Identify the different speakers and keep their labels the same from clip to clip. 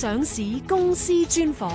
Speaker 1: 上市公司專訪，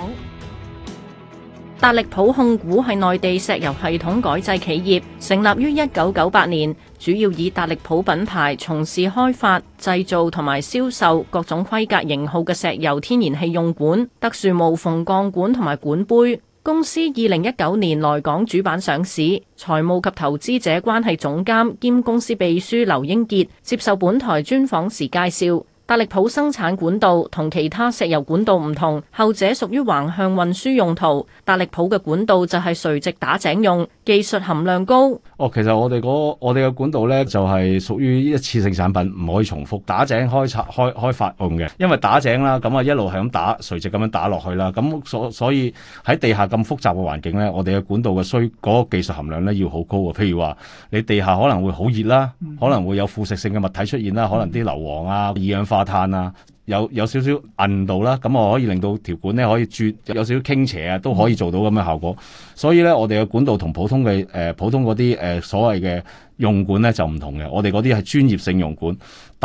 Speaker 1: 達力普控股係內地石油系統改制企業，成立於一九九八年，主要以達力普品牌從事開發、製造同埋銷售各種規格型號嘅石油天然氣用管、特殊無縫鋼管同埋管杯。公司二零一九年來港主板上市。財務及投資者關係總監兼公司秘書劉英傑接受本台專訪時介紹。達力普生產管道同其他石油管道唔同，後者屬於橫向運輸用途，達力普嘅管道就係垂直打井用，技術含量高。
Speaker 2: 哦，其實我哋我哋嘅管道咧就係屬於一次性產品，唔可以重複打井開拆、開開發用嘅。因為打井啦，咁啊一路係咁打，垂直咁樣打落去啦。咁所所以喺地下咁複雜嘅環境咧，我哋嘅管道嘅需嗰個技術含量咧要好高啊。譬如話，你地下可能會好熱啦，可能會有腐蝕性嘅物體出現啦，可能啲硫磺啊、二氧化碳啊。有有少少韌度啦，咁我可以令到條管咧可以轉，有少少傾斜啊，都可以做到咁嘅效果。所以咧，我哋嘅管道同普通嘅誒普通嗰啲誒所謂嘅用管咧就唔同嘅，我哋嗰啲係專業性用管。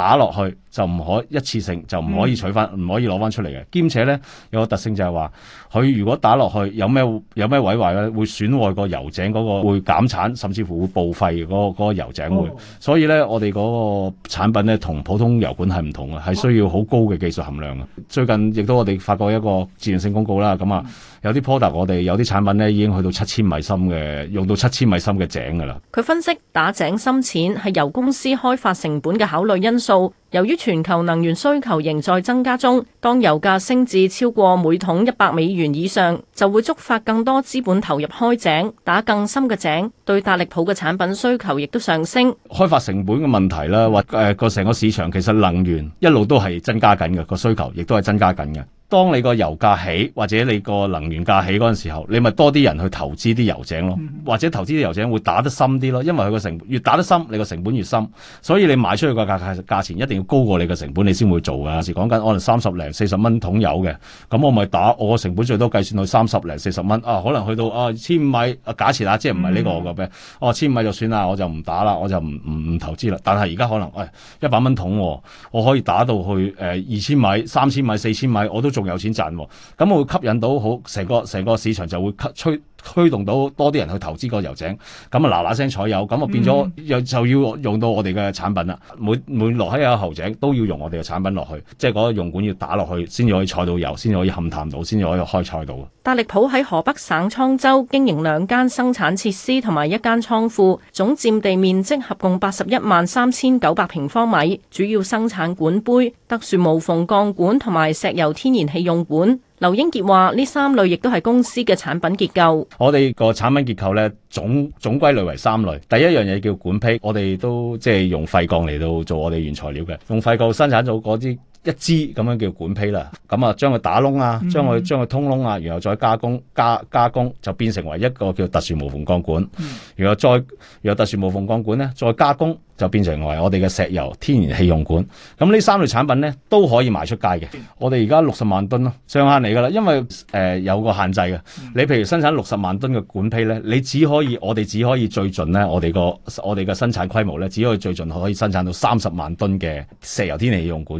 Speaker 2: 打落去就唔可一次性就唔可以取翻，唔可以攞翻出嚟嘅。兼且咧有個特性就係話佢如果打落去有咩有咩毀壞咧，會損壞個油井嗰個，會減產，甚至乎會報廢嗰個嗰個油井會。所以咧，我哋嗰個產品咧同普通油管係唔同啊，係需要好高嘅技術含量啊。最近亦都我哋發過一個自願性公告啦。咁啊，有啲 product 我哋有啲產品咧已經去到七千米深嘅，用到七千米深嘅井噶啦。
Speaker 1: 佢分析打井深淺係油公司開發成本嘅考慮因素。由於全球能源需求仍在增加中，當油價升至超過每桶一百美元以上，就會觸發更多資本投入開井，打更深嘅井，對達力普嘅產品需求亦都上升。開發
Speaker 2: 成本嘅問題啦，或誒個成個市場其實能源一路都係增加緊嘅個需求，亦都係增加緊嘅。當你個油價起，或者你個能源價起嗰陣時候，你咪多啲人去投資啲油井咯，或者投資啲油井會打得深啲咯，因為佢個成本越打得深，你個成本越深，所以你賣出去個價價價錢一定要高過你個成本，你先會做㗎。係講緊可能三十零四十蚊桶油嘅，咁我咪打，我個成本最多計算到三十零四十蚊啊，可能去到啊千五米啊，假設啦，即係唔係呢個嘅咩？哦千五米就算啦，我就唔打啦，我就唔唔投資啦。但係而家可能誒一百蚊桶、哦，我可以打到去誒二千米、三千米、四千米，我都做仲有錢賺，哦，咁會吸引到好成個成個市場就會吸吹。推動到多啲人去投資個油井，咁啊嗱嗱聲採油，咁啊變咗又就要用到我哋嘅產品啦、嗯。每每落喺個油井都要用我哋嘅產品落去，即係嗰個用管要打落去，先至可以採到油，先至可以勘探到，先至可，可，可以開採到。
Speaker 1: 達力普喺河北省滄州經營兩間生產設施同埋一間倉庫，總佔地面積合共八十一萬三千九百平方米，主要生產管杯、特殊無縫鋼管同埋石油天然氣用管。劉英傑話：呢三類亦都係公司嘅產品結構。
Speaker 2: 我哋個產品結構咧，總總歸類為三類。第一樣嘢叫管坯，我哋都即係用廢鋼嚟到做我哋原材料嘅，用廢鋼生產咗嗰啲。一支咁樣叫管坯啦，咁啊將佢打窿啊，將佢將佢通窿啊，然後再加工，加加工就變成為一個叫特殊無縫鋼管。然後再有特殊無縫鋼管咧，再加工就變成為我哋嘅石油天然氣用管。咁呢三類產品咧都可以賣出街嘅。我哋而家六十萬噸咯，上下嚟噶啦，因為誒、呃、有個限制嘅。你譬如生產六十萬噸嘅管坯咧，你只可以我哋只可以最盡咧，我哋個我哋嘅生產規模咧，只可以最盡可以生產到三十萬噸嘅石油天然氣用管。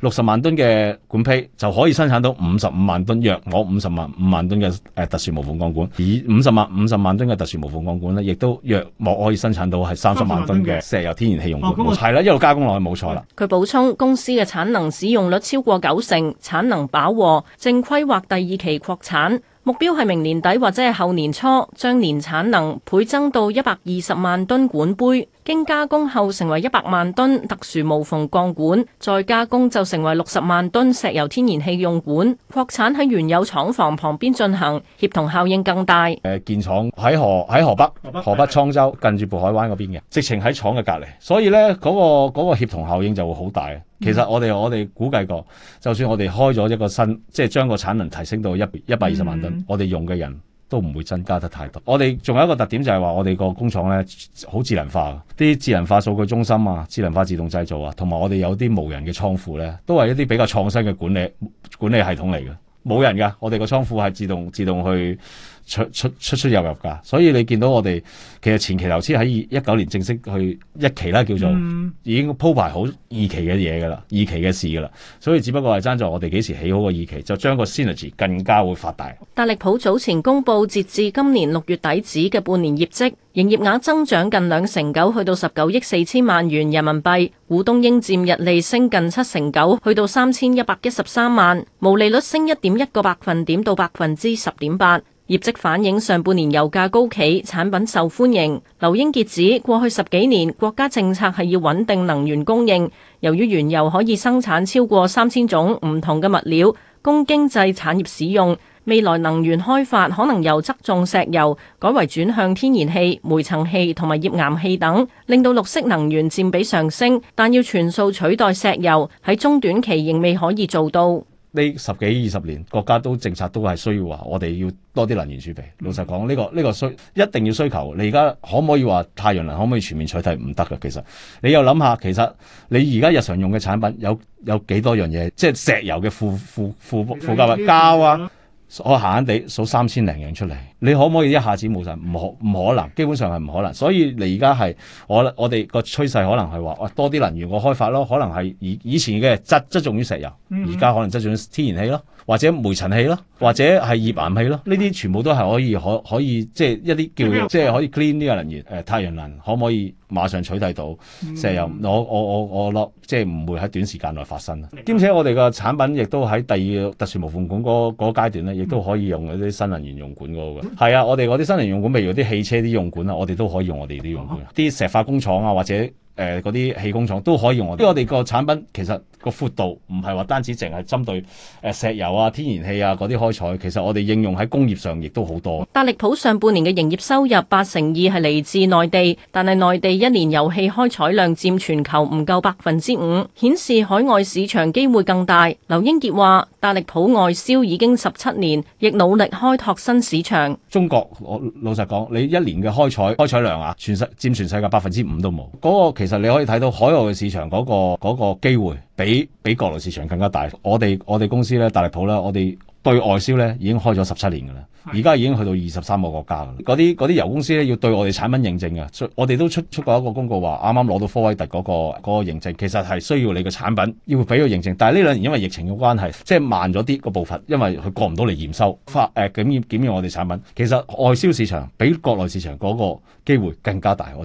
Speaker 2: 六十萬噸嘅管坯就可以生產到五十五萬噸，約莫五十萬五萬噸嘅誒特殊無縫鋼管，而五十萬五十萬噸嘅特殊無縫鋼管呢，亦都約莫可以生產到係三十萬噸嘅石油天然氣用管，係啦，一路加工落去冇錯啦。
Speaker 1: 佢補充公司嘅產能使用率超過九成，產能飽和，正規劃第二期擴產，目標係明年底或者係後年初將年產能倍增到一百二十萬噸管坯。經加工後成為一百萬噸特殊無縫鋼管，再加工就成為六十萬噸石油天然氣用管。擴產喺原有廠房旁邊進行，協同效應更大。
Speaker 2: 呃，建廠喺河，喺河北，河北滄州的近住渤海灣嗰邊嘅，直情喺廠嘅隔籬，所以呢，嗰個嗰個協同效應就會好大。其實我哋我哋估計過，就算我哋開咗一個新，即係將個產能提升到一一百二十萬噸，mm. 我哋用嘅人。都唔會增加得太多。我哋仲有一個特點就係話，我哋個工廠呢好智能化，啲智能化數據中心啊，智能化自動製造啊，同埋我哋有啲無人嘅倉庫呢，都係一啲比較創新嘅管理管理系統嚟嘅，冇人㗎。我哋個倉庫係自動自動去。出出出出入入噶，所以你見到我哋其實前期投資喺二一九年正式去一期啦，叫做已經鋪排好二期嘅嘢噶啦，二期嘅事噶啦，所以只不過係爭在我哋幾時起好個二期，就將個 synergy 更加會發大。
Speaker 1: 達力普早前公布截至今年六月底止嘅半年業績，營業額增長近兩成九，去到十九億四千萬元人民幣，股東應佔日利升近七成九，去到三千一百一十三萬，毛利率升一點一個百分點到百分之十點八。業績反映上半年油價高企，產品受歡迎。劉英傑指，過去十幾年國家政策係要穩定能源供應。由於原油可以生產超過三千種唔同嘅物料，供經濟產業使用。未來能源開發可能由側重石油，改為轉向天然氣、煤層氣同埋頁岩氣等，令到綠色能源佔比上升。但要全數取代石油，喺中短期仍未可以做到。
Speaker 2: 呢十幾二十年，國家都政策都係需要話，我哋要多啲能源儲備。老實講，呢、這個呢、這個需一定要需求。你而家可唔可以話太陽能可唔可以全面取締？唔得㗎，其實你又諗下，其實你而家日常用嘅產品有有幾多樣嘢，即係石油嘅附附附附加物膠啊。我閑閑地數三千零樣出嚟，你可唔可以一下子冇曬？唔可唔可能，基本上係唔可能。所以你而家係我我哋個趨勢可能係話，我多啲能源個開發咯，可能係以以前嘅側側重於石油，而家可能側重於天然氣咯。或者煤塵氣咯，或者係頁岩氣咯，呢啲全部都係可以可可以即係一啲叫即係可以 clean 呢個能源，誒，太陽能，可唔可以馬上取代到石油？我我我我落即係唔會喺短時間內發生。兼且我哋嘅產品亦都喺第二特殊無縫管嗰嗰階段咧，亦都可以用嗰啲新能源用管嗰個。係啊，我哋嗰啲新能源用管譬如啲汽車啲用管啊，我哋都可以用我哋啲用管。啲石化工廠啊，或者。誒嗰啲氣工廠都可以用我。我哋個產品其實個寬度唔係話單止淨係針對石油啊、天然氣啊嗰啲開採，其實我哋應用喺工業上亦都好多。
Speaker 1: 達力普上半年嘅營業收入八成二係嚟自內地，但係內地一年油氣開採量佔全球唔夠百分之五，顯示海外市場機會更大。劉英傑話。達力普外銷已經十七年，亦努力開拓新市場。中國
Speaker 2: 我老實講，你一年嘅開採開採量啊，全世占全世界百分之五都冇。嗰個其實你可以睇到海外嘅市場嗰個嗰個機會比，比比國內市場更加大。我哋我哋公司咧，達力普咧，我哋。對外銷咧已經開咗十七年㗎喇，而家已經去到二十三個國家㗎喇。嗰啲嗰啲油公司咧要對我哋產品認證㗎，出我哋都出出過一個公告話，啱啱攞到科威特嗰個嗰個認證，其實係需要你嘅產品要俾佢認證，但係呢兩年因為疫情嘅關係，即係慢咗啲個部分，因為佢過唔到嚟驗收，發誒，檢驗檢驗我哋產品。其實外銷市場比國內市場嗰個機會更加大我。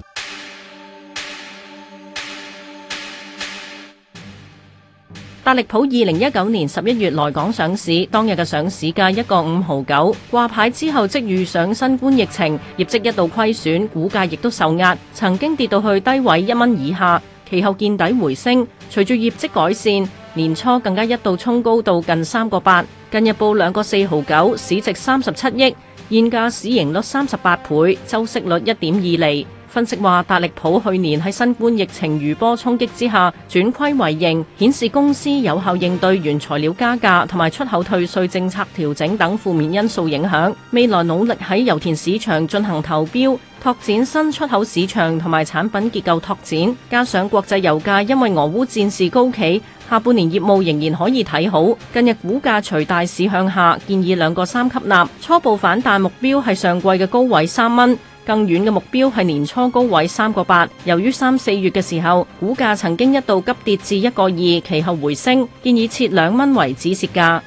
Speaker 1: 達力普二零一九年十一月來港上市，當日嘅上市價一個五毫九，掛牌之後即遇上新冠疫情，業績一度虧損，股價亦都受壓，曾經跌到去低位一蚊以下，其後見底回升，隨住業績改善，年初更加一度沖高到近三個八，近日報兩個四毫九，市值三十七億，現價市盈率三十八倍，週息率一點二厘。分析話，達力普去年喺新冠疫情餘波衝擊之下轉虧為盈，顯示公司有效應對原材料加價同埋出口退稅政策調整等負面因素影響。未來努力喺油田市場進行投標，拓展新出口市場同埋產品結構拓展。加上國際油價因為俄烏戰事高企，下半年業務仍然可以睇好。近日股價隨大市向下，建議兩個三級納，初步反彈目標係上季嘅高位三蚊。更遠嘅目標係年初高位三個八，由於三四月嘅時候，股價曾經一度急跌至一個二，其後回升，建議設兩蚊為止蝕價。